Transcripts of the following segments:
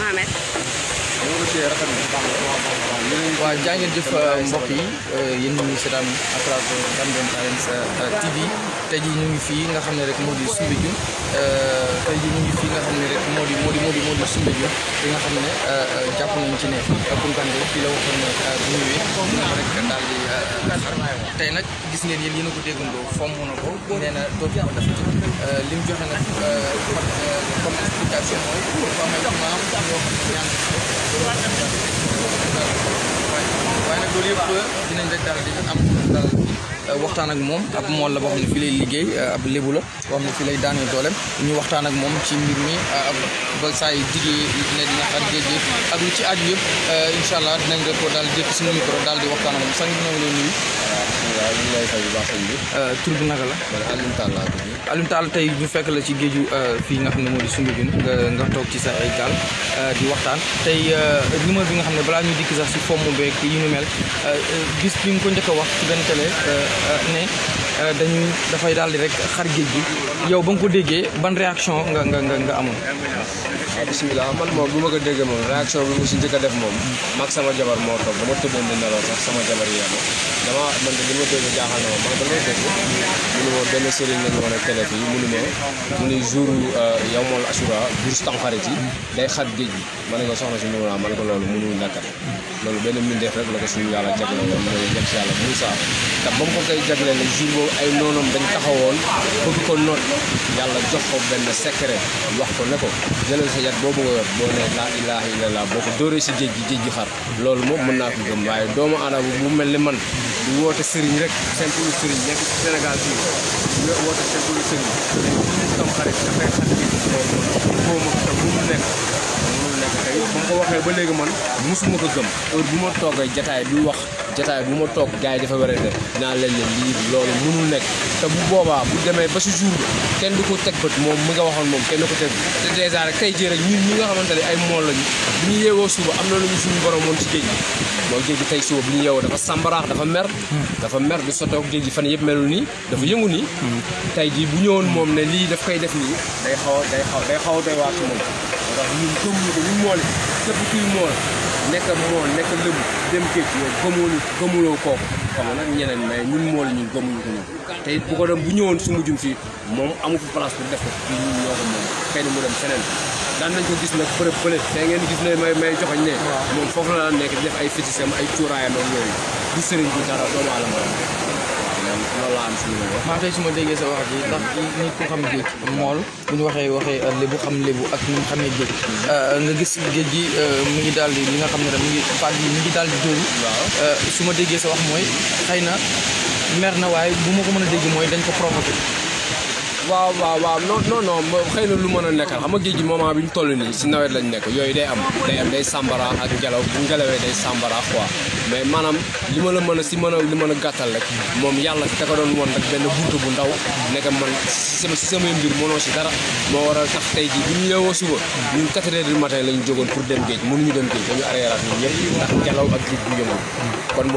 มาไหม waaw jaa ngeen jëf euh, mbokk yi euh, yéen ñu ngi seetaan à travers Gambian Talents euh, TV jii ñu ngi fii nga xam ne rek moo di Sumbijun tey nga xam ne rek moo di moo di moo di moo di nga xam ne jàpp nañ ci ne Koukandé fii la waxoon ne bu ñëwee moom rek nag gis ngeen yéen yéen a ko déggandoo fomm na ko na ko li mu joxe Wayna goli bu dinañ la di am waxtaan ak moom ab mool la boo xam ne fii lay liggéey euh, ab lébu la boo xam ne fii lay daanee dooleem ñu waxtaan ak moom ci mbir mi euh, ba saa yi diggee ne dina xar géej gi ak lu ci aju yëpp euh, incha allah dinañ ko daal di jëkk suñu micro daal di waxtaan ak moom sànq ñoo ngi lay nuyu. bu baax sëñ bi. tur la. Alioune Tall tey ñu fekk la ci géeju fii nga xam ne moo di Soumbédioune nga nga toog ci sa ay gaal di waxtaan tey numéro bi nga xam ne balaa ñu dikk sax si fomm beeg yu ñu mel gis bi nga ko njëkk wax ci benn ne euh, dañuy dafay daal di rek xar géej gi yow ba nga ko déggee ban réaction nga nga nga amoon. bisimilah man moom bu ma ko déggee moom réaction bi mu si njëkk a def moom mag sama jabar moo toog dama tëbboon di nelaw sax sama jabar yeema dama man de li ma dégg jaaxal na ma man dama dégg mu ne ma benn sëriñ lañu woon ak télé fii mu ne ma mu ne jour yawmal asura jour tamxarit yi day xat géej gi ma ne ko soxna si mënulaa ma ne ko loolu mënul nakkat loolu benn mbindeef rek la ko suñu yàlla jagleel woon ma ne jëm si yàlla Moussa te ba mu ko koy jagleel ne jour boobu ay noonam dañ taxawoon bëgg ko noot yàlla jox ko benn secret wax ko ne ko jëlal yaxyat boobu nga yor boo ne laa ilaha illallah boo ko dóoree si géej gi géej gi xar loolu moom mën naa ko gëm waaye doomu aadama bu mel ni man di woote sëriñ rek simple sëriñ nekk ci Sénégal fii di mu ko waxee ba léegi man musuma ko gëm heure bu ma toogee jataay di wax jataay bu ma toog gars yi dafa werante dinaa leen ne lii loolu mënul nekk te bu boobaa bu demee ba si jour kenn du ko teg bët moom mi nga waxoon moom kenn du ko teg te dèjà rek tey jii rek ñun ñi nga xamante ne ay mool lañu bu ñu yeewoo suba am na lu ñu suñu borom moom ci géej gi moom géej gi tey suba bu ñu yeewoo dafa sambaraax dafa mer dafa mer du sotteeku géej gi fan yëpp melul nii dafa yëngu nii tey jii bu ñëwoon moom ne lii daf koy def nii day xaw day xaw day xaw a doy waar moom ndax ñun gëmuñu ko ñun mool képp kuy mool nekk mool nekk lëbu dem géej yow gëmoo gëmuloo kooku xam nag ñeneen mais ñun mool ñun gëmuñu ko ñun te it bu ko dem bu ñëwoon su mujjum si moom amu fi place def ko fii ñun ñoo ko moom xëy na mu dem feneen daan nañ ko gis nag bërëb bële te ngeen gis ne may may joxoñ ne moom foofu la daan nekk di def ay fétisem ay cuuraayam ak yooyu du sëriñ bi dara doomu aadama loolu am si maa tey su ma déggee sa wax ji ndax nit ku xam géej mool bu ñu waxee waxee euh, lébu xam lébu ak ni mu xamee géej. Euh, nga gis géej gi euh, mu ngi daal di li nga xam ne rek mu ngi baat bi mu ngi daal di dóoru. waaw su ma déggee sa wax mooy xëy na mer na waaye bu ma ko mën a dégg mooy dañ ko provoqué. waaw waaw waaw non non non xëy na lu mën a nekkal xam nga géej gi moment bi ñu toll nii si nawet lañ nekk yooyu day am day am day ak ngelaw bu ngelawee day sambara quoi mais maanaam li ma la mën a si mën li mën a gàttal rek moom yàlla da ko doon woon rek benn buntu bu ndaw nekk man sama si samay mbir mënoo si dara moo waral tey jii bu ñu yeewoo suba ñun quatre la ñu pour dem géej mënuñu dem géej dañu arréeraat ñun ñëpp ndax ngelaw ak géej bu ne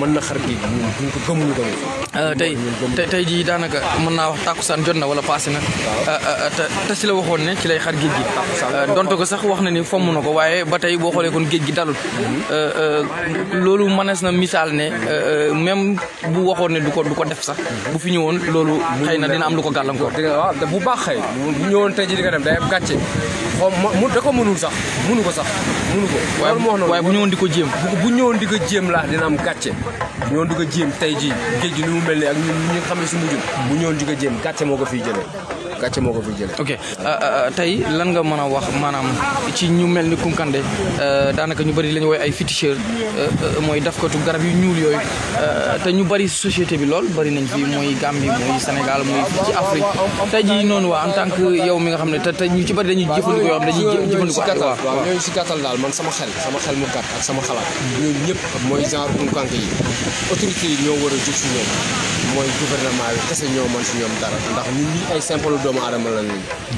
mën na xar géej ñun duñ ko euh, wax tàkkusaan jot jot na wala passé na euh, euh, te si la waxoon ne ci lay xar géej gi ah, euh, donte ko sax wax na ni fomm na ko waaye ba tey boo xoolee kon géej gi dalul mhm. loolu mënees na misaal ne même bu waxoon ne du ko du ko def sax mhm. bu fi ñëwoon loolu xëy na dina am lu ko gàllankoor bu baax xëy bu ñëwoon tey ji di ko dem day am gàcce xaw ma da ko mënul mu bu ñëwoon di ko jéem bu ñëwoon di ko di ko jéem tey ji géej gi ni mu mel ni ak ñun xam ne si mujjul mm. bu ñëwoon di ko jéem gàcce moo ko fiy jëlee gàcce moo ko fiy jëlee. ok euh, euh, euh, tey lan nga mën a wax maanaam ci ñu mel ni Kounkandé daanaka ñu bari la ñu woy ay féticheur mooy dafkatu garab yu ñuul yooyu te ñu bari société bi lool bari nañ fi muy Gambie muy Sénégal muy ci Afrique te jii noonu waa en tant que yow mi nga xam ne te ñu ci bëri dañuy jëfandikoo yoo xam dañuy jëfandikoo ak waaw waaw ñooñu si gàttal daal man sama xel sama xel mu gàtt ak sama xalaat ñooñu ñëpp mooy genre Kounkandé yi autorité yi ñoo war a jóg ñoom mooy gouvernement bi kese ñoo si ñoom dara ndax ñun ñi ay simple doomu aadama lañ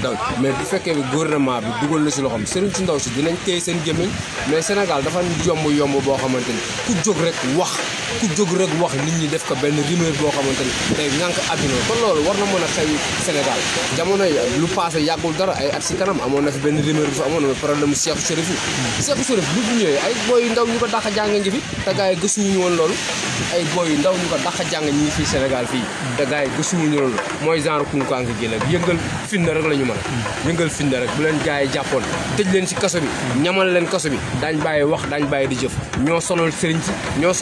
daw mais bu fekkee bi gouvernement bi dugal na si loxoom sëriñ si ndaw si dinañ téye seen gémmiñ mais Sénégal dafa yomb yomb boo xamante ni ku jóg rek wax ku jóg rek wax nit ñi def ko benn rumeur boo xamante ni tey ñànk àdduna kon loolu war na mën a xew Sénégal jamono yi lu passé yàggul dara ay at si kanam amoon na fi benn rumeur bi fi amoon na problème Cheikhou Chérif yi Cheikhou Chérif ñu ñëwee ay booy yu ndaw ñu ko dàq jàng ngi fi yi gësuñu woon loolu ay booy yu ndaw ñu ko dàq jàng ñi ngi fii Sénégal fii te gars yi gësuñu loolu mooy genre kunkaangi gi ak yëngal finna rek la ñu mën a rek bu leen gars yi jàppoon tëj leen si kaso bi ñamal leen kaso bi daañ bàyyi wax daañ bàyyi di jëf ñoo sonal sëriñ si ñoo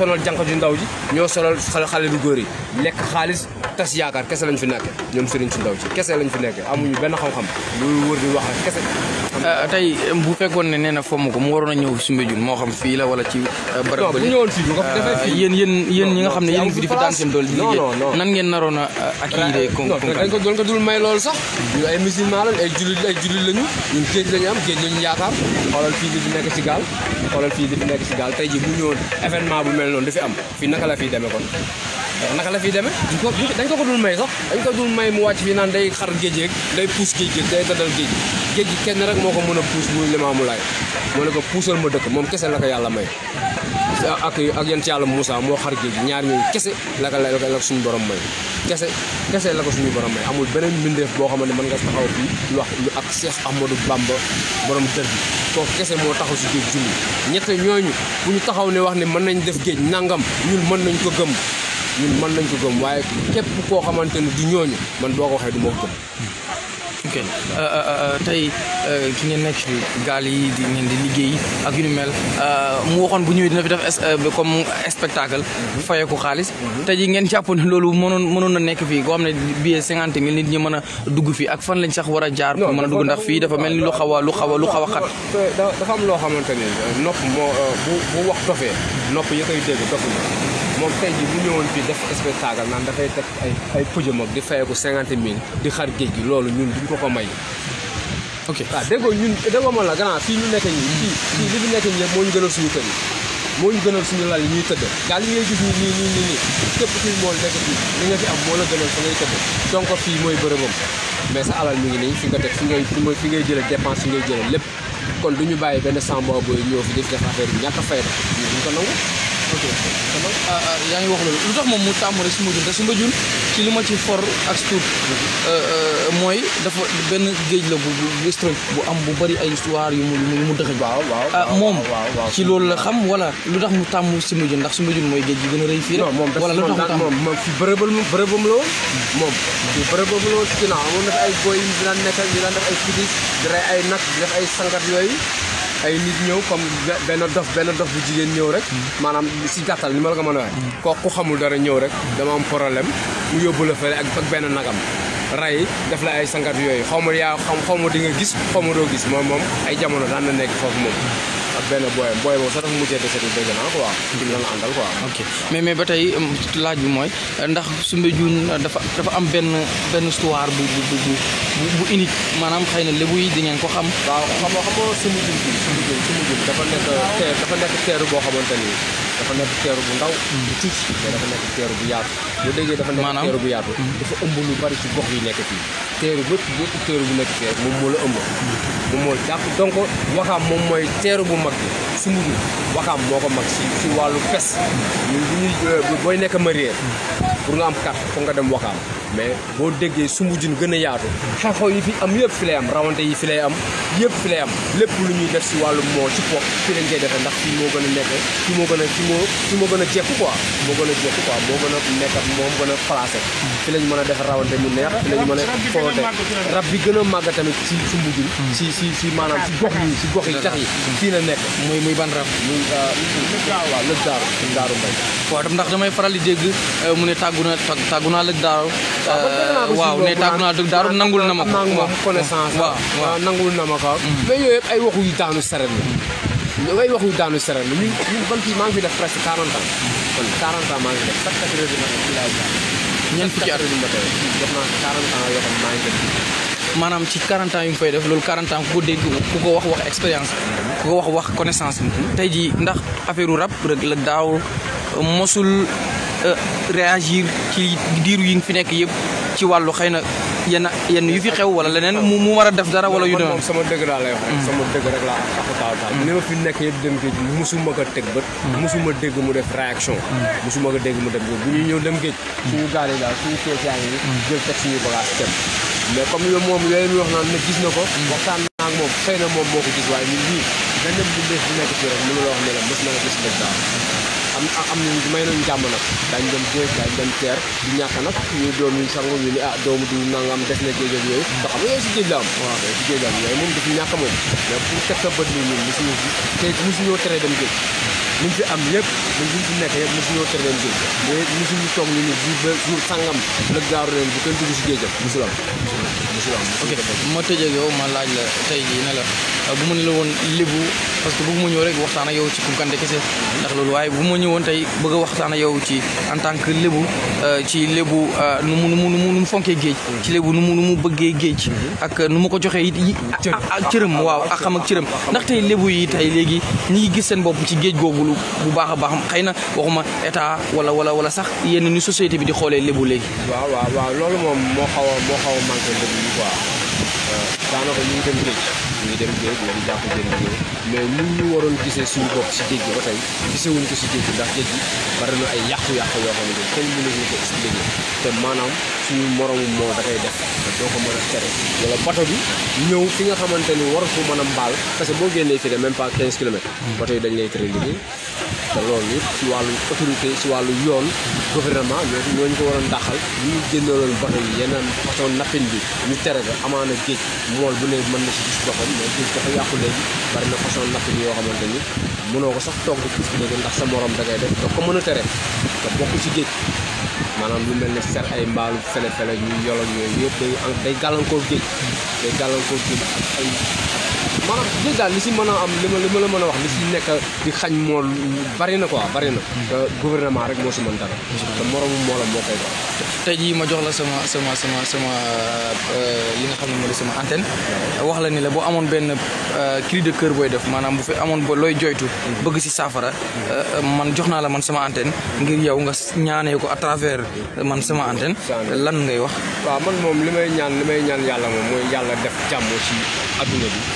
ju ndaw ji ñoo solal xale lu góor yi lekk xaalis tas yaakaar kese lañ fi nekke ñoom sëriñ su ndaw ji kese lañ fi nekke amuñu benn xam-xam lu wër di wax rek kese Euh, tey euh, bu fekkoon ne nee na fomm ko mu waroon a ñëw Soumbédioune moo xam fii la wala ci euh, barab ba yéen yéen yéen nga xam ne yéen fi di fi daan seen dool di liggéey nan ngeen naroon a accueillir kon dañ ko dul may loolu sax ñu ay nekk si gaal xoolal fii di fi nekk tey ji bu ñëwoon événement bu mel noonu du fi am la fii demee kon naka la fii demee dañ ko ko dul may sax dañ ko dul may mu wàcc fii naan day xar géej day puus géej day dadal géej géej gi kenn rek moo ko mën a puus muy limaamu laay moo ne ko puusal ma dëkk moom kese la ko yàlla may ak ak yent yàlla Moussa moo xar géej ñaar ñooñu kese la ko la ko suñu borom may kese kese la ko suñu borom may amul beneen mbindeef boo xam ne mën nga taxaw fii lu wax lu ak Cheikh Ahmadou Bamba borom dër bi kooku kese moo taxaw si géej julli ñett ñooñu bu ñu taxaw ne wax ne mën nañ def géej nangam ñun mën nañ ko gëm ñun mën nañ ko gëm waaye képp koo xamante ne du ñooñu man boo ko waxee du ma gëm ok euh, euh, euh, tey ki ngeen nekk gaal yi di ngeen di liggéey ak yu ni mel mu waxoon bu ñëwee dina fi def comme spectacle. Mhm. fayee ko xaalis. Mhm. tey ji ngeen jàpp ne loolu mënoon mënoon na nekk fii koo xam ne billet cinquante mille nit ñi mën a dugg fii ak fan lañ sax war a jaar. pour mën a dugg ndax fii dafa mel ni lu xaw a lu xaw lu xaw a xat. dafa am loo xamante ne nopp moo bu bu wax dofee nopp yi koy dégg dofuñu. moom tey jii bu ñëwoon fii def spectacle naan dafay teg ay ay pëjëm ak di fayeeku cinquante mille di xar géej gi loolu ñun duñ ko ko ko may. ok waaw ah, déggoo ñun déggoo man la gannaaw fii ñu nekk ñi fii fii li fi nekk ñi yëpp moo ñu gënal suñu kër moo ñu gënal suñu lal yi ñuy tëdd gaa li ngay gis nii nii nii nii képp kuy mool nekk fii li nga fi am moo la gënal fa ngay tëdd donc fii mooy bërëbam mais sa alal mu ngi nii fi nga teg fi ngay fi ngay jëlee dépense fi ngay jëlee lépp kon du ñu bàyyi benn samba booy ñëw fi def def affaire bi ñàkk a fayda duñ ko nangu ok ah, ah, ngi wax loolu lu tax moom mu tàmm rek Soumbédioune te Soumbédioune ci li ma ci for ak tuut euh, euh, mooy dafa benn géej la bu bu historique bu am bu bari ay histoire yu mu yu mu dëxëj. waaw waaw ah, moom ci loolu la xam wala lu tax mu tàmm su Soumbédioune ndax su Soumbédioune mooy géej gi gën a rëy fii rek. wala lu tax mu tàmm moom moom fi bërëbam bërëbam la woon. moom fi bërëbam la woon ci ginnaaw amoon na fi ay góoy yi daan nekk di daan def ay fidis di ay nag di ay sangat yooyu. ay nit ñëw comme benn dof benn dof bu jigéen ñëw rek maanaam si gàttal ni ma la ko mën a waxee mm. kooku xamul dara ñëw rek dama am problème mu yóbbu la fële ak ak benn nagam ray def la ay sangat yooyu xaw ma yaa di nga gis xaw ma doo gis moom moom ay jamono daan na nekk foofu moom ak benn booy booy boobu sax dafa mujjee desetul dégg naa quoi ndim la àndal quoi. ok mais mais ba tey um, laaj bi mooy ndax Soumbédioune uh, dafa dafa am benn benn histoire bu bu bu bu maanaam xëy na lébu yi di ngeen ko xam. waaw xam nga xam nga Soumbédioune bi dafa nekk teer dafa nekk teeru boo xamante ni. dafa nekk teeru bu ndaw bu tuuti mm. mais dafa nekk teeru bu yaatu boo déggee dafa nekk teeru bu yaatu mm. dafa ëmb lu bari ci gox yi nekk fii teeru bépp bépp teeru bu nekk fii moom moo la ëmb mm. moom moo jàpp donc waxaam moom mooy teeru bu mag bi su mburu waxaam moo ko mag si si wàllu pes euh, booy nekk marié pour nga am carte foog nga dem wakaam mais boo déggee Soumbédioune gën a yaatu xew-xew yi fi am yëpp fi am rawante yi fi am yëpp fi am lépp lu ñuy def si wàllu moo ci pox fi lañ koy defee ndax fii moo gën a nekk fi moo gën a fi moo fi moo gën a jekku quoi moo a jekku quoi moo gën a nekk moom gën a placé fi lañ mën a def rawante mu neex fi lañ mën a foote rab bi gën a màgg tamit si Soumbédioune si hmm. si si maanaam si gox yi si gox yi tax yi hmm. fii la nekk muy muy ban rab muy euh, waaw lëb daaru lëb daaru mbay waaw ndax damay faral dégg euh, mu ne tàgg tàgguna tàggunaa lëg daaru waaw ne tàggunaa lëg nangul na connaissance ah, waaw nangul na mm. mais ay waxu yu waxu ban def presque 40 ans 40 ans def at def ci 40 ans yu fay def lolou 40 ans ko deg ko ko wax wax experience ko wax wax connaissance tay ji ndax affaire rap rek la daw mosul Euh, réagir ci diiru yi nga fi nekk yëpp ci wàllu xëy na yenn yenn yu fi xew wala leneen mu mu war a def dara wala yu doon sama dëgg laa lay wax hmm. rek laa taxutaal daal hmm. li ma fi nekk yëpp dem géej musuma ko teg bët hmm. musuma dégg mu def réaction musuma ko dégg mu def bu ñuy ñëw dem géej suñu gaal yi daal suñu keesaan yi jël teg suñu bagage mais comme yo moom yooyu wax naan ne gis na ko waxtaan naa ak moom xëy na moom moo ko gis nekk fii rek mënu la wax ne na daal am am may nañu jàmm nag daañu dem géej daañu dem teer di ñàkk nag ñu doom yi sangu ñu ni ah doomu du nangam def na géej ak yooyu te xam nga yooyu si géej la am waaw si géej la am yooyu moom dafa ñàkk moom mais pour teg sa bët ni ñun musuñu am yëpp liñ nekk yëpp musuñoo tere dem géej mais musuñu toog la bu kenn dugg si géej am ok ma tëjee yow ma laaj la tey jii ne la bu mu ne la woon libu parce que bëgg ma ñëw rek waxtaan a yow ci Kounkandé kese ndax loolu waaye bu ma ñëwoon tey bëgg a waxtaan ak yow ci en tant que lébu ci lébu nu mu nu mu nu fonkee géej ci lébu nu mu mu bëggee géej ak nu mu ko joxee it ah, ah, ak cërëm waaw ak xam ak cërëm ndax tey lébu yi tey léegi ñi gis seen bopp ci géej googu lu bu baax a baax xëy na waxuma état wala wala wala sax yenn ni société bi di xoolee lébu léegi waaw waaw loolu moom moo xaw a moo xaw a manqué lébu yi quoi euh, daanaka ñu ngi dem géej ñuy dem géej mais ni ñu waroon gisee suñu bopp si géej gi ba tey gisewuñ ko si géej gi ndax géej gi ay yàqu-yàqu yoo xam ne kenn mënuñu ko expliqué te maanaam suñu moromu moo da koy def te ko mën a tere wala bato bi ñëw fi nga xamante ni waru ko mën a mbaal parce que boo génnee fii de même pas 15 kilomètres bato dañ lay tere liggéey te loolu yëpp si wàllu autorité ci wàllu yoon gouvernement ñoo ñooñu ko waroon dàqal ñu ñu génneloon ba yi yeneen façon nappin bi ñu tere ko amaana géej mool bu ne mën na si gis mais gis dafa yàqu léegi bari na façon napp bi yoo xamante ni mënoo ko sax togg gis bi ndax sa morom da ngay def da ko mën a tere te bokk ci géej maanaam lu mel ne ser ay mbaalu fele fele ñu yolog yooyu yëpp day day gàllankoor géej day gàllankoor géej ak ay maanaam dèjà li si mën a am li ma li ma la mën a wax li si nekk di xañ moo bari na ko bari na. Hmm. Euh, gouvernement rek moo si mën dara. Hmm. te moromu moo la moo koy tey jii ma jox la sama sama sama sama euh, li nga xam ne moo sama antenne. Hmm. wax la ni la boo amoon benn euh, cri de cœur booy def maanaam bu fi amoon ba looy joytu. bëgg si saafara. man jox naa la man sama antenne. ngir yow nga ñaanee ko à travers man sama antenne. lan ngay wax. waaw man moom li may ñaan li may ñaan yàlla moom mooy yàlla def jàmm si adduna bi.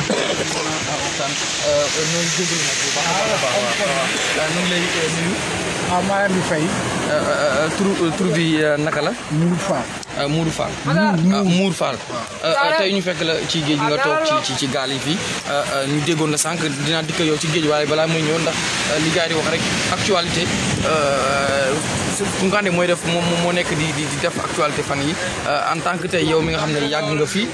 waxtaan ñoo ngi jégalu nag bu baax a baax a baax ñu ngi lay nuyu waaw maa leen di fay. tur tur bi euh, naka la. Mour Fall. Euh, Mour Fall. Ah, ah, ah. euh, tey ñu fekk la ci géej nga toog ci ci ci gaal yi fii ñu déggoon la sànq dinaa dikk yow ci géej waaye balaa muy ñëw ndax li gars yi wax rek actualité Koungheul mooy def moom moo nekk di di def actualité fan yi en tant que tey yow mi nga xam ne yàgg nga fii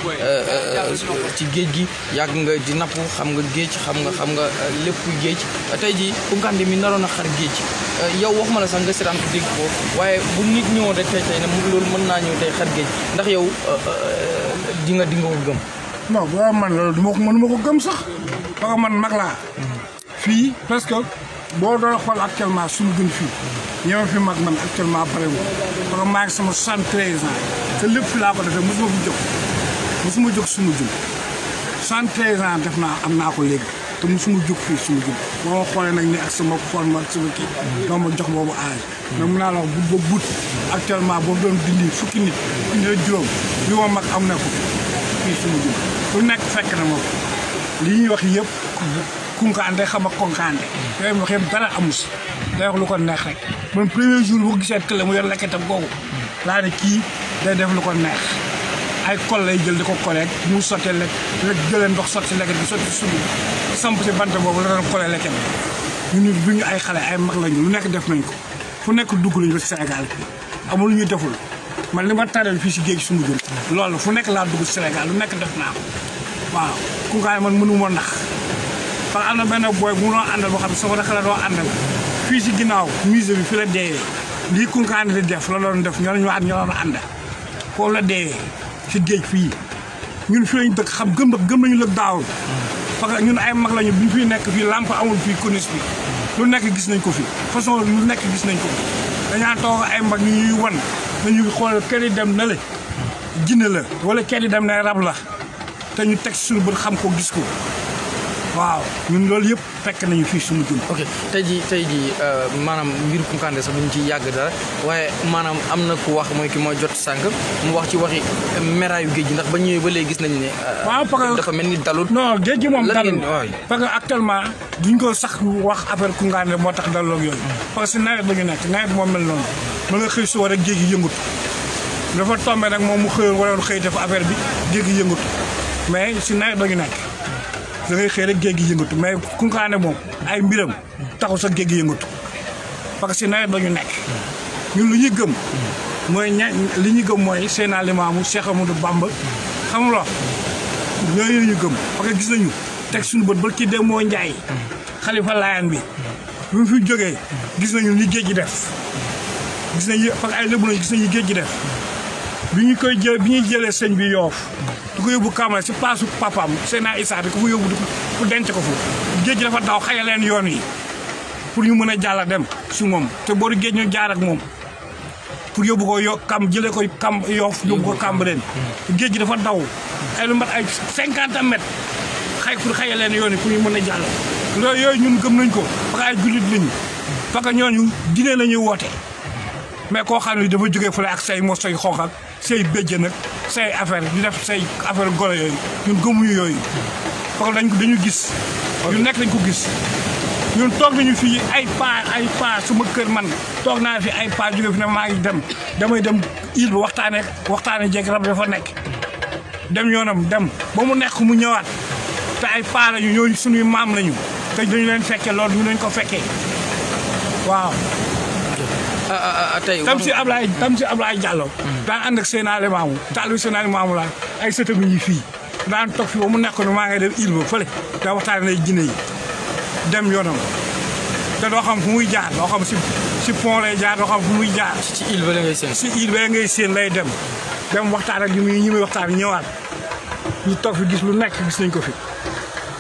ci géej gi yàgg nga di napp xam nga géej xam nga xam nga lépp géej tey ji Koungheul mi naroon a xar géej. Euh, yow waxuma la sax nga seetaan ko dégg ko waaye bu nit ñëwoon rek tey tey ne loolu mën naa ñëw tey xet géej ndax yow euh, euh, di nga nga ko gëm. non waaw man loolu du ma ko gëm sax man mag laa. fii presque boo doon xool actuellement suñu gën fii ñëw fi mag man actuellement barewul parce que maa ngi sama 73 ans te lépp laa ko defee mosuma fi jóg mosuma jóg suñu jum 73 ans def naa am naa ko léegi. te suma jóg fii suma jóg waroo xoolee nag ak sama xool ma ak sama kii doo ma jox boobu âge mais naa la wax bu ba but actuellement boobu doon dindi fukki nit indi juróom li ma mag am na ko fii suma jóg ku nekk fekk na ma li ñuy wax yëpp kunkaande xam ak konkaande yooyu wax yëpp dara amus day wax lu ko neex rek man premier jour bu gisee kële mu yor lekketam googu laa ne kii day def lu ko neex ay kol lay jël di ko kole mu sottee lekk lekk jëlee ndox sotti lekket bi sotti subi samp ci bant boobu la doon kolee lekket bi ñu ay xale ay mag lañu lu nekk def nañ ko fu nekk dugg lañu ci Sénégal amul ñu deful man li ma tànnal fii si géej su mujjul loolu fu nekk laa dugg senegal lu nekk def naa ko waaw kunkaay man mënu ma ndax parce que na benn booy bu mu doon àndal boo xam ne sama rakk la doon àndal fii si ginnaaw musée bi fi la deewee lii kunkaay li def la doon def ñoo ñu wax ñoo doon ànd foofu la deewee ci géej fii ñun fi lañ dëkk xam gëm gëm nañu lëg daawul parce que ñun ay mag lañu bi fi nekk fii làmp amul fii konis bi lu nekk gis nañ ko fii façon lu nekk gis nañ ko dañaa toog ay mag ñu ñuy won nañu xool kër dem na le jinne la wala kër yi dem na rab la te ñu teg suñu bët xam ko gis ko waaw ñun loolu yëpp fekk nañu fii suñu jum ok tey jii tey jii euh, maanaam mbir Kounkandé sax duñ ci yàgg dara waaye maanaam am na ku wax mooy ki mooy jot sànq mu wax ci waxi meraayu géej gi ndax ba ñëwee ba léegi gis nañu ne. Euh, waaw parce que dafa mel ni dalul. non géej gi moom dalul parce que actuellement duñ ko sax wax affaire Kounkandé moo tax dalul ak yooyu. Hmm. parce que nawet la ñu nekk nawet moo mel noonu. mën nga xëy suba rek géej moom mu xëyoon waroon xëy def affaire bi géej gi yëngut mais si nawet la ñu nekk da ngay xëy rek géej gi yëngatu mais ku nga xam moom ay mbiram taxul sa géej gi yëngatu parce que si nawet la nekk ñun lu ñuy gëm mooy ña li ñuy gëm mooy Seydina Limaamu Cheikh Amadou Bamba xam nga yooyu ñu gëm parce que gis nañu teg suñu bët ba kii de moo Njaay xalifa Laayaan bi bi mu fi jógee gis nañu li géej gi def gis nañu parce que ay lébu lañu gis nañu géej gi def bi ñu koy jël bi ñuy jëlee sëñ bi yoof ko yóbbu Kaamale si paasu papaam Seydina Issa bi ku ko yóbbu di ko denc ko fu géej dafa daw xëy yoon yi pour ñu mën a dem si moom te booru géej ñu jaar ak moom pour yóbbu ko yo kam jëlee ko kam yoof yóbbu ko Cambérène géej gi dafa daw ay lu mat ay cinquante mètres xay pour xëy leen yoon yi pour ñu mën a jàll loolu yooyu ñun gëm nañ ko parce que ay jullit lañu parce que ñooñu mais koo xam ne dafa jógee fële ak say mos say xonq ak say béjjën nag say affaire di def say affaire golo yooyu ñun gëmuñu yooyu parce que dañ dañu gis ñu nekk dañ ko gis ñun toog nañu fii ay paa ay paa suma kër man toog naa fi ay paa jógee fi ne maa ngi dem damay dem il ba waxtaane waxtaane jeeg rab dafa nekk dem yoonam dem ba mu nekk mu ñëwaat te ay paa lañu ñooñu suñuy maam lañu te dañu leen fekkee loolu ñu leen ko fekkee waaw tey tam si Ablaye tam si Ablaye Diallo. daan ànd ak Sénégal maamu. Diallo Sénégal maamu laa ay sëtëm yi fii daan toog fi ba mu nekkoon maa ngi dem île ba fële daa waxtaan nay jinne dem yoonam te doo xam fu muy jaar doo xam si si pont lay jaar doo xam fu muy jaar. si si ngay séen lay dem dem waxtaan ak ñi muy ñi muy waxtaan ñëwaat ñu toog fi gis lu nekk gis nañ ko fi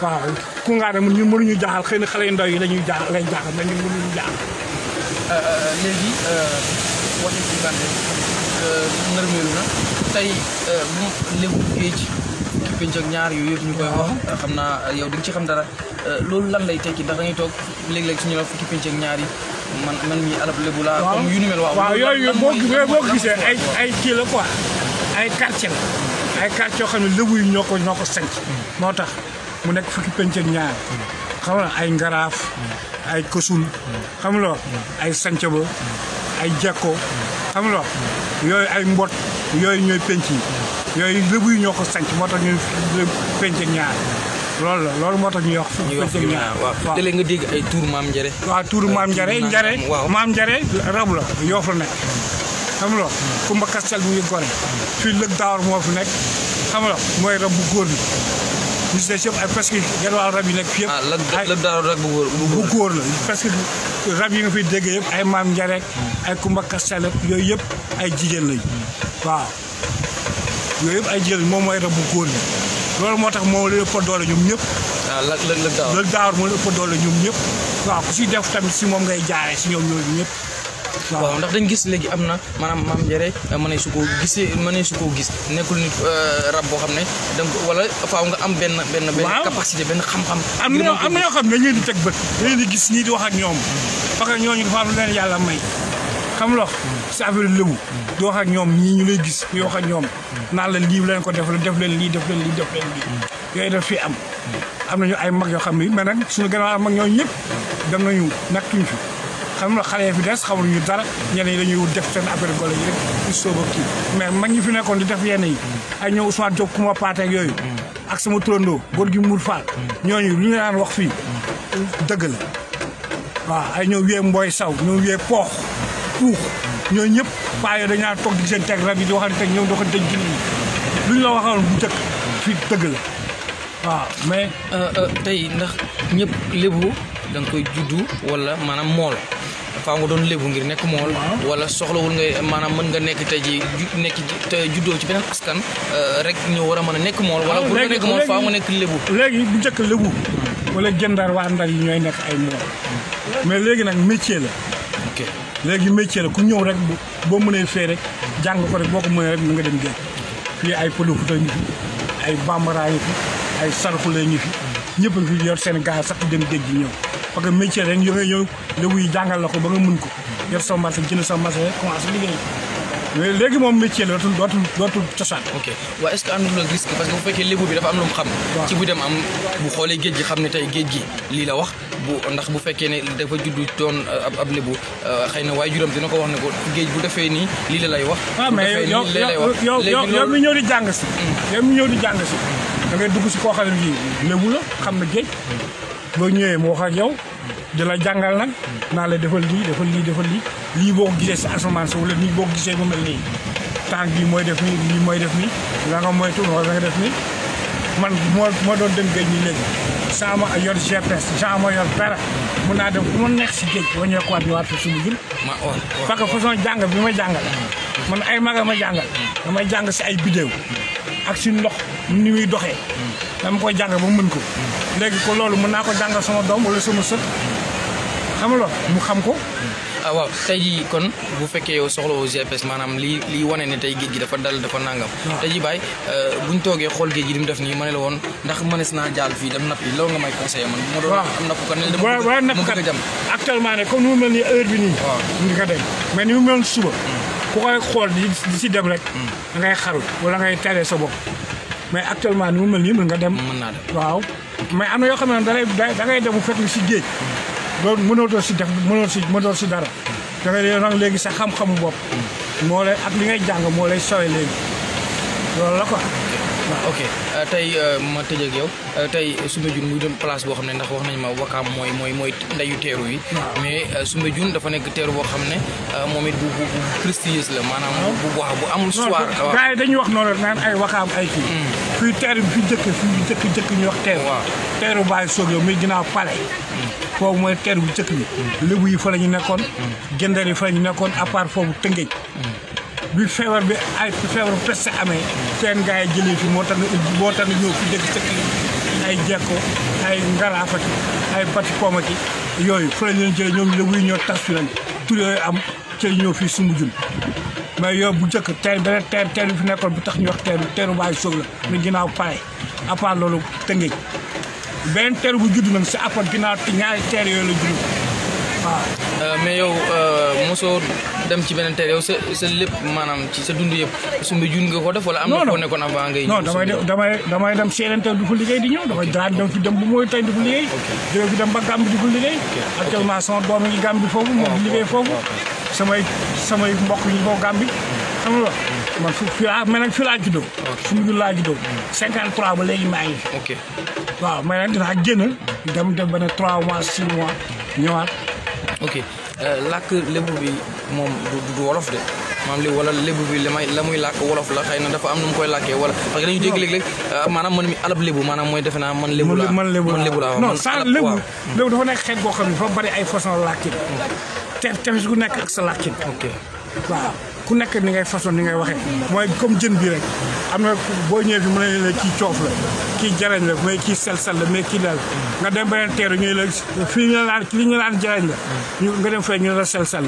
waaw Koungheul ñun ñu jaaxal xëy na xale yu ndaw yi la ñuy jaaxal lay jaaxal mais ñun jaaxal. léegi waxi ci bande nërmeelu na tey euh, lébu géej ci pénc ñaar yooyu yëpp ñu koy wax xam naa yow di nga ci xam dara euh, loolu lan lay tekki ndax dañuy toog léeg-léeg suñu la fukki pénc ak ñaar yi man man mii alab lébu laa comme yu ni mel waaw waaw yooyu boo boo gisee ay ay kii la ko ay quartier ay quartier yoo xam ne lébu yi ñoo ko sanc hmm. moo tax mu nekk fukki pénc ñaar hmm. xam ay ngaraaf hmm. ay kosul xam ay sancaba ay jakko xam loo yooyu ay mbot yooyu ñooy penc yi yooyu lëbu yu ñoo ko sanc moo tax ñu penc ñaar loolu moo tax ñuy wax. ñuy wax fii waaw ay tuur maam Njare. waaw tuuru maam Njare Njare maam Njare rab la yoo fa nekk. xam Kumba Kastel mu ngi gore fii lëg daawar moo fi nekk xam mooy rab bu góor bi. ñu si des yëpp ay eh, presque genn wàll rab yi nekk fii yëpp. Ah, lan lan daal rab bu góor bu góor la presque rab yi nga fiy déggee yëpp ay maam njareek ay kumba kastel yooyu yëpp ay jigéen lañ waaw yooyu yëpp ay jigéen lañ moom mooy rab bu góor bi loolu moo tax moo leen ëpp doole ñoom ñëpp. ah lan lan daawar lan daawar moo leen doole ñoom ñëpp. waaw ku si def tamit si moom ngay jaaree si ñoom ñooñu ñëpp. waaw ndax dañ gis léegi am na maanaam maam njëre euh, mënee su koo gisee mënee su koo gis nekkul nit euh, rab boo xam ne donc wala faaw nga am benn benn benn capacité benn xam am na am na xam ne dañ leen di teg bët di gis nii di wax ak ñoom parce que ñooñu dafa am leen yàlla may xam lox si affaire lëbu di ak ñoom ñii ñu lay gis kuy ak ñoom naan la lii leen ko def def leen lii def leen lii def leen lii yooyu daf fi am am ñu ay mag yoo xam ne mais nag suñu gannaaw mag ñooñu ñëpp dem nañu nag tuñ fi xam nga xale fi des xamuñu dara ñeneen yi dañuy def seen affaire golo yi rek ñu sóob ak kii mais mag ñi fi nekkoon di def yenn yi ay ñëw Ousmane Diop ku ma paateeg yooyu ak sama turandoo góor gi Mour Fall ñooñu lu ñu daan wax fii dëgg la waa ay ñëw wiyee mbooy saw ñoo wiyee poox puux ñooñu ñëpp paa yooyu dañaa toog di seen teg rab yi di waxante ak ñoom di waxante ak jullit yi lu ñu la bu njëkk fii dëgg la waaw mais euh, euh, tey ndax ñëpp lébu da koy juddu wala maanaam moolo faa nga doon lébu ngir nekk mool wala soxlawul nga maanaam mën nga nekk tey ji nekk te juddoo ci beneen askan euh, rek ñu war a mën a nekk mool wala pour nga nekk mool faa nga nekk lébu léegi bu njëkk lébu wala gendaar waa ndar yi ñooy nekk ay mool mais léegi nag métier la léegi métier la ku ñëw rek boo mënee fee rek jàng ko rek boo ko mënee rek mu nga dem géej fii ay pëlofuta ngi fi ay bambara ngi fi ay sarfule ngi fi ñëpp ngi fi yor seen gaal sax dem géej gi ñëw parce que métier rek yow yow léegi jàngal la sa marché jënd sa marché commencé liggéey léegi moom métier la dootul dootul dootul cosaan. ok waa est-ce que am na risque xoolee géej gi xam ne tey géej gi lii la wax bu ndax bu fekkee ne dafa juddu doon euh, ab ab lébu euh, xëy na waaye juróom dina ko wax ne ko géej bu defee nii lii la lay wax. Ah, bu defee nii lii la lay yow yow mi ñëw di jàng si. Mm. yow mi ñëw di jàng si. da ngay dugg si koo xam ne lébu la xam na géej. boo ñëwee mu wax ak yow di la jàngal nag naa la defal lii defal lii defal lii lii boo ko gisee si asamaan si wala nii boo gisee mu mel nii tànk bi mooy def nii lii mooy def mii la nga moytu wala nga def nii man moo moo doon dem géej ñi léegi sama yor GPS sama yor pere mun naa dem fu ma nekk si géej wañeekuwaat ñu waat suñu jul oh, oh. parce que façon jàng bi ma jàngal man ay maga ma jàngal damay jàng si ay bidéew ak si ndox ni muy doxee dama koy jàng ba mu mën ko léegi ko loolu mën naa ko jàngal sama doom wala sama sët xamuloo mu xam ko ah waaw tey jii kon bu fekkee yow soxla woo GPS maanaam lii lii wane ne tey géej gi dafa dal dafa nangam tey jii Baye euh, buñ toogee xool géej gi li mu def nii ma ne la woon ndax mënees naa jaal fii dem nappi loolu nga may conseillé man bu ma doon am nappkat ne dama bëgg a jam actuellement ne comme ni mu mel nii heure bi nii waaw ngi ko dem mais suba hmm. ku koy xool di si dem rek. Hmm. da ngay xaru wala ngay tere sa bopp. mais actuellement nu mu mel nii mën nga dem. mën naa dem waaw. mais am na yoo xam ne da ngay da ngay dem bu fekk si géej. Hmm. loolu mënoo si def mënoo si mënoo si dara. Hmm. da ngay nag léegi sa xam-xamu bopp. moo lay ak li ngay jàng moo lay sooy léegi loolu la ko ok euh, tey euh, ma tëj ak yow euh, tey Soumbédioune muy doon place boo xam ne ndax wax nañ ma Wakaam mooy mooy mooy ndeyu teeru yi mais Soumbédioune dafa nekk teeru boo xam ne moom it bu bu bu prestigieuse la maanaam bu wax bu amul soir gars yi dañuy wax noonu naan ay Wakaam ay kii hmm. fii teeru bi fi jëkk fi jëkk jëkk ñuy wax teeru teeru bàyyi soog yow muy ginnaaw pale hmm. foofu mooy teeru bu jëkk bi hmm. lébu yi fa la ñu nekkoon gendar yi fa la ñu nekkoon à part foofu tëngéej bi feebar bi ay feebar peste amee seen gars yi jëlee fi moo tax moo tax ñëw fi dëkk sëkk ay jekko ay ngaraafati ay bati koomati yooyu fa la ñu leen jëlee ñoom ñu ñoo tas fi lañ tur yooyu am ci ñëw fii sumbu jun mais yow bu njëkk teen beneen teen bi fi bu tax ñu wax teenu teenu waay soog la ginnaaw pare à part loolu tëngéej bu judd nag si après ginnaaw ñaari teen yooyu la judd waaw Euh, mais yow euh, mosoo dem ci beneen terre yow sa sa lépp maanaam ci sa dund yëpp sumbi jun nga ko def wala am na ko nekkoon avant ngay non damay damay damay dem séeréer te du fa liggéey di ñëw damay daan dem fi dem bu mooy liggéey jóge fi dem ba Gàmbi di fa liggéey actuellement sama doom yi ngi Gàmbi foofu moom di liggéey samay samay mbokk yi foofu Gàmbi xam nga man fi fi fi laa juddoo suñu jur laa cinquante trois ba léegi maa ngi fi waaw man nag a génn dem dem ba ne trois mois six mois ñëwaat ok euh, làkk lébu bi moom du wolof de maanaam li wala lébu bi li may la muy làkk wolof la xëy na dafa am nu mu koy làkkee wala parce que dañu dégg léeg-léeg euh, maanaam man mi alab lébu maanaam mooy defe naa man lébu laa man lébu laa non sans lébu lébu dafa nekk xet boo xam ne dafa bari ay façon làkkin hmm. te tamit gu nekk ak sa làkkin waaw ku nekk ni ngay façon ni ngay waxee mooy comme jën bii rek am na boo ñëwee fi mu ne la kii coof la kii jarañ la mais kii sel-sel la mais kii daal nga dem beneen teeru ñu la fii ñu li ñu naan jarañ la ñu nga dem fee ñu la sel-sel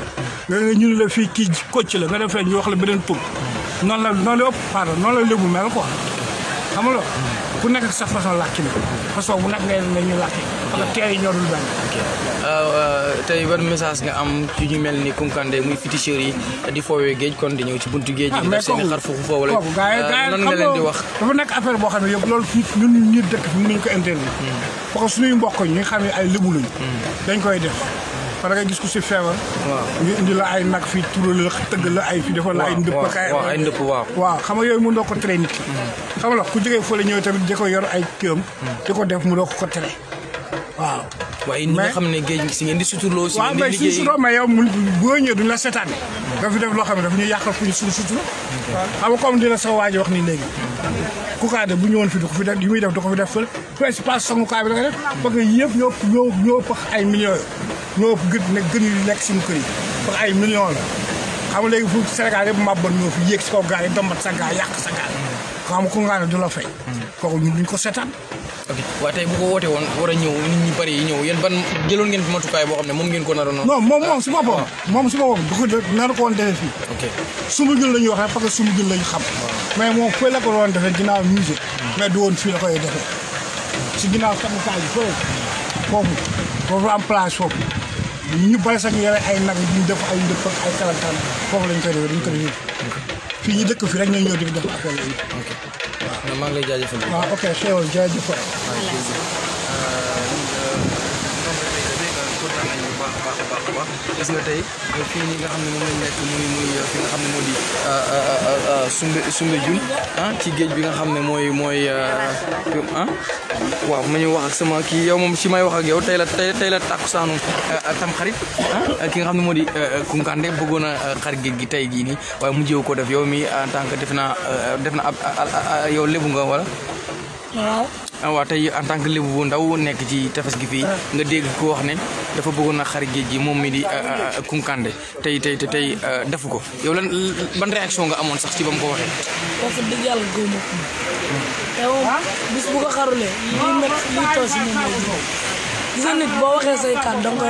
la nga ñu la fii kii kocc la nga dem fee ñu wax la beneen tur noonu la noonu la ëpp pardon noonu la lébu mel quoi xam ku nekk sa façon làkki la façon bu nekk ngay ne ñu làkki parce que ñoo dul benn. ok euh, euh, tey ban message nga am ci ñu mel ni Kounkandé muy féticheurs yi di foowee géej kon di ñëw ci buntu géej yi. Ah, def seen xar foofu foofu la nan euh, nga leen di wax. dafa nekk affaire boo xam ne yëpp loolu ñun ñu dëkk fi mënuñ ko interdit. Hmm. parce que suñuy mbokk ñi nga xam ne ay lébu lañ. Hmm. dañ koy def. da nga gis ku si feebar. waaw indi la ay nag fii tural la tëgg la ay fii dafa la ay ndëpp ak waaw ay yooyu mën doo ko tere nit ki. Mm-hmm. xam nga ku jógee fële ñëw tamit di yor ay kéem. Mm-hmm. di ko def mu doo ko tere waaw. waaye ñi nga xam ne géej si si ngeen di liggéey waaw mais si suturloo duñ la seetaan. nga mm-hmm. fi def loo xam ne daf ñu yàq fu ñu suñu sutura. waaw xam nga sa waaj wax ni léegi. Kounkandé bu ñëwoon fii du ko fi def li muy def du ko fi def fële. fu espace sangukaay bi da nga def. parce que yëpp ñoo ñoo ñoo ay millions ñoo ëpp gën ne gën ñu nekk suñu kër yi parce que ay millions la xam nga léegi fu Sénégal yëpp màbban sa gaal yàq sa gaal xam ko ngaa kooku ñun duñ ko seetaan ok waaye tey bu ko wootee woon war a ñëw nit ñi bari ñëw yéen ban jëloon ngeen fi matukaay boo xam ne moom ngeen ko naroon non moom moom si boppam ah. moom si boppam du ko naru ko woon defee fii ok sumbu la ñuy xam ah. mais moom fële la ko doon defee ginnaaw musée hmm. mais si ginnaaw samukaay bi fële foofu foofu am place foofu ñu bari sax ñu yore ay nag ñu def ay ndëpp ak ay kalantaan foofu lañ koy defee duñ ko defee fii ñu dëkk fii rek ñooy ñëw di def ak wala yi. ok waaw maa ngi lay jaajëfal. waaw ok xéwal jaajëfal. baax gis nga tey fii nii nga xam ne moom lañ nekk muy muy fi nga xam ne moo di ah, ah, ah, sumbe sumbe jun ci géej bi nga xam ne mooy mooy waaw ma ñu wax sama kii yow moom si may wax ak yow tey la tey tey la tàkku saanu tam xarit ki nga xam ne moo di Kunkande bëggoon a géej gi tey gii nii waaye mu ko def yow mi en tant que def naa def na ab yow lébu nga wala Ah, waaw tey en tant que lébu bu ndaw nekk ci tefes gi fii nga dégg ko wax ne dafa bëggoon a xar géej gi moom mi di ah, ah, Kounkandé tey tey tey defu ko yow lan ban réaction nga amoon sax ci ba mu ko waxee. say kàddu da nga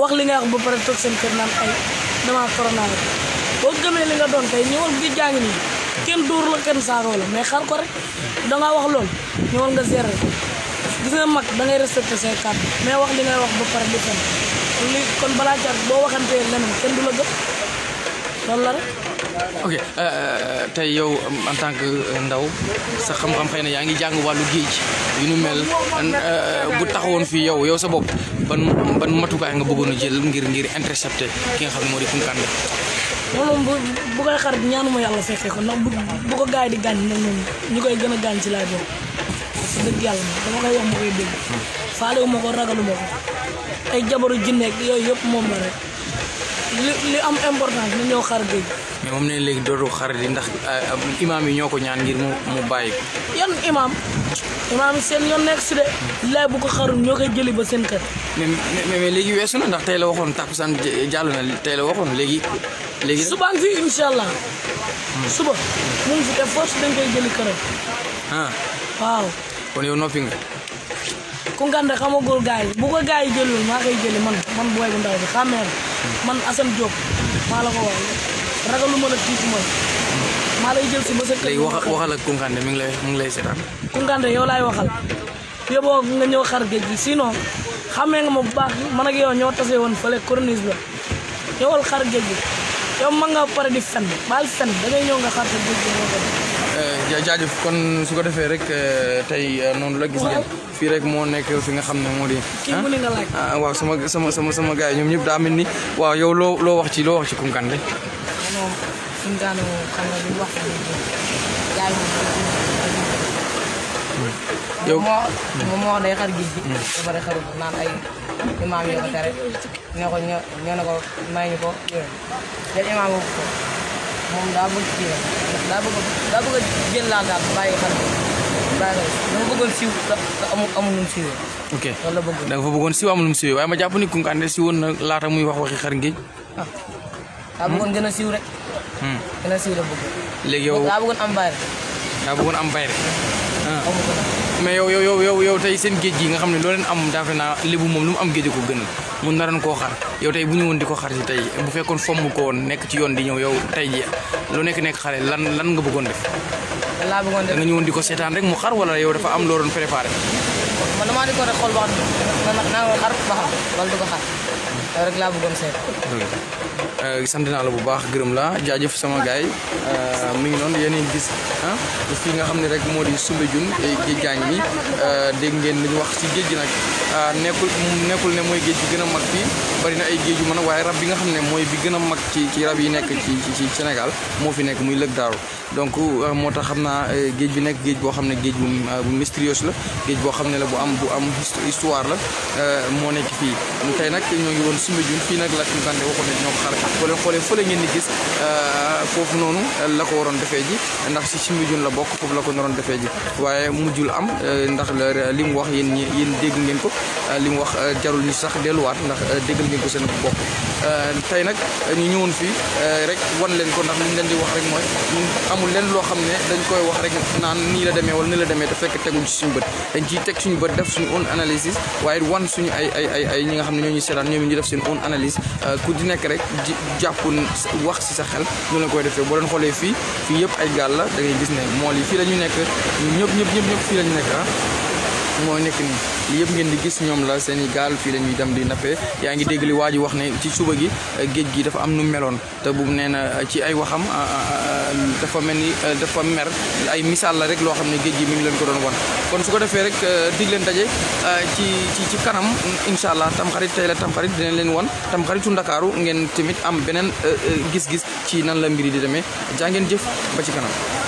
wax li nga wax ba pare toog seen kër naan ay damaa corona la boo gëmee li nga doon tey ñëwal bi jàng nii. kenn dóor la kenn saagoo la mais xar ko rek dangaa wax lool ñëwal nga gérer ko gis mag da ngay say kàddu mais wax li ngay wax ba pare di fen kon balaa caat boo waxantee leneen kenn du la gëm loolu la euh, tey yow en tant que ndaw sa xam-xam xëy na yaa ngi jàng wàllu géej yu nu mel euh, bu taxawoon fii yow yow sa bopp ban ban matukaay nga bëggoon a jël ngir ngir intercepter ki nga xam ne moo di Kounkandé man moom bu bu koy xar ñaanuma yàlla fekkee ko ndax bu bu ko gars di gaañ nag moom ñu koy gën a gaañ ci laay bokk si que dëgg yàlla moom dama koy wax ma koy dégg faalewuma ko ragaluma ko ay jabaru jinne yooyu yëpp moom la rek li li am importance na ñëw xar géej mais moom ne léegi dootu xar di ndax ah, ah, imaam yi ñoo ko ñaan ngir mu mu bàyyi ko yan imaam imaam yi seen yoon nekk si bu ko xarul ñoo koy jëli ba seen kër mais léegi weesu na ndax tey la waxoon takkusaan jàll na tey la waxoon léegi léegi suba ngi fi incha allah. Hmm. suba mu ngi fi te force dañ koy jëli këram. ah waaw. kon yow noppi nga. ku gaay bu gaay yi jëlul maa koy jëli man man booy bu ndaw bi xàmmee hmm. man Assane Diop maa la ko wax ragaluma la tiitu ma maa lay jël si ba sa kër. waxal ak Koungheul mi ngi lay mi ngi lay seetaan. Koungheul yow laay waxal yóbboo nga ñëw xar géej gi sinon xamee nga ma bu baax man ak yow ñoo tase woon fële corniche la ñëwal xar géej gi. yow mën pare di fen baal fen da ñëw nga xaar sa dëgg eh, moo kon su ko defee rek eh, tey eh, noonu la gis ngeen fii rek moo nekk fi nga xam ne moo di ah? ah waaw sama sama sama gaa yi ñoom ñëpp daa mel ni waaw yow loo loo wax ci loo wax ci Kounkandé yow moom moo wax day xar géej gi hmm. ba pare xaru naan ay imaam yoo ko tere ne ko ñoo ñoo ne ko may ñu ko jël imaam boobu ko moom daa bëgg kii la daa bëgg daa bëgg a jël laal daal bàyyi xar bàyyi xar dama bëggoon siiw te amul amul lu mu siiwee ok loolu la bëggoon da nga fa mais yow yow yow yow yow tey seen géej gi nga xam ne loo am daafe naa lébu moom lu mu am géej ko gënal na naroon koo xar yow tey bu ñu di ko xar si tey bu fekkoon fomm ko woon nekk ci yoon di ñëw yow tey ji lu nekk nekk xale lan lan nga bëggoon def. laa bëggoon def nga ñëwoon di ko seetaan rek mu xar wala yow dafa am loo doon préparé. man damaa di ko rek xool ba xam ne naa ko xar ba xam wala du ko xar loolu rek laa bëggoon seet. Euh, sant naa bu baax gërëm la jaajëf sama gaay euh, mi ngi noonu yéen gis ah fii nga xam ne rek moo di Soumbédioune géej eh, gaañ mi euh, dégg ngeen li ñu wax ci géej gi nag. Euh, nekkul nekkul ne mooy géej bi gën a mag fii bari na ay géej yu mën a waaye rab bi nga xam ne mooy bi gën a mag ci ci rab yi nekk ci ci Sénégal moo fi nekk muy lëg daaru donc euh, moo tax xam naa euh, géej bi nekk géej boo xam ne géej bu bu mystérieux la géej boo xam ne la bu am bu am histoire la moo nekk fii tey nag ñoo ngi woon Soumbédioune fii nag la Bandé waxoon ne ñoo ko xar boo leen xoolee fële ngeen di gis foofu noonu la ko waroon defee ji ndax si Soumbédioune la bokk foofu la ko naroon defee ji waaye mujjul am ndax li mu wax yéen yéen dégg ngeen ko Euh, li mu wax euh, jarul ñu sax delluwaat ndax euh, déggal ngeen ko seen bopp tey nag ñu ñëwoon fii rek wan leen ko ndax li ñu leen di wax rek mooy amul leen loo xam ne dañ koy wax rek naan nii la demee wala nii la demee te fekk teguñ ci suñu bët dañ ciy teg suñu bët def suñu own analysis waaye wan suñu ay ay ay ñi nga xam ne ñoo ñu seetaan ñoom ñu def seen own analyse ku di nekk rek di jàpp wax si sa xel ñoo leen koy defee boo leen xoolee fii fii yëpp ay gaal la da gis ne mool yi fii la ñu nekk ñëpp ñëpp ñëpp ñëpp fii la nekk ah. moo nekk nii li yëpp ngeen di gis ñoom la seen i gaal fii la ñuy dem di nappe yaa ngi dégg li waa ji wax ne ci suba gi eh, géej gi dafa am nu meloon te bu nee na eh, ci ay waxam ah, ah, ah, eh, dafa mel ni dafa mer ay misaal la rek loo xam ne géej gi mu ngi leen ko doon wan kon su ko defee rek dig leen daje ci ci ci kanam incha allah tamxarit tey la tamxarit dinañ leen wan tamxaritu ndakaaru ngeen tamit am beneen gis-gis ci nan la mbiri di demee jaa ngeen jëf ba ci kanam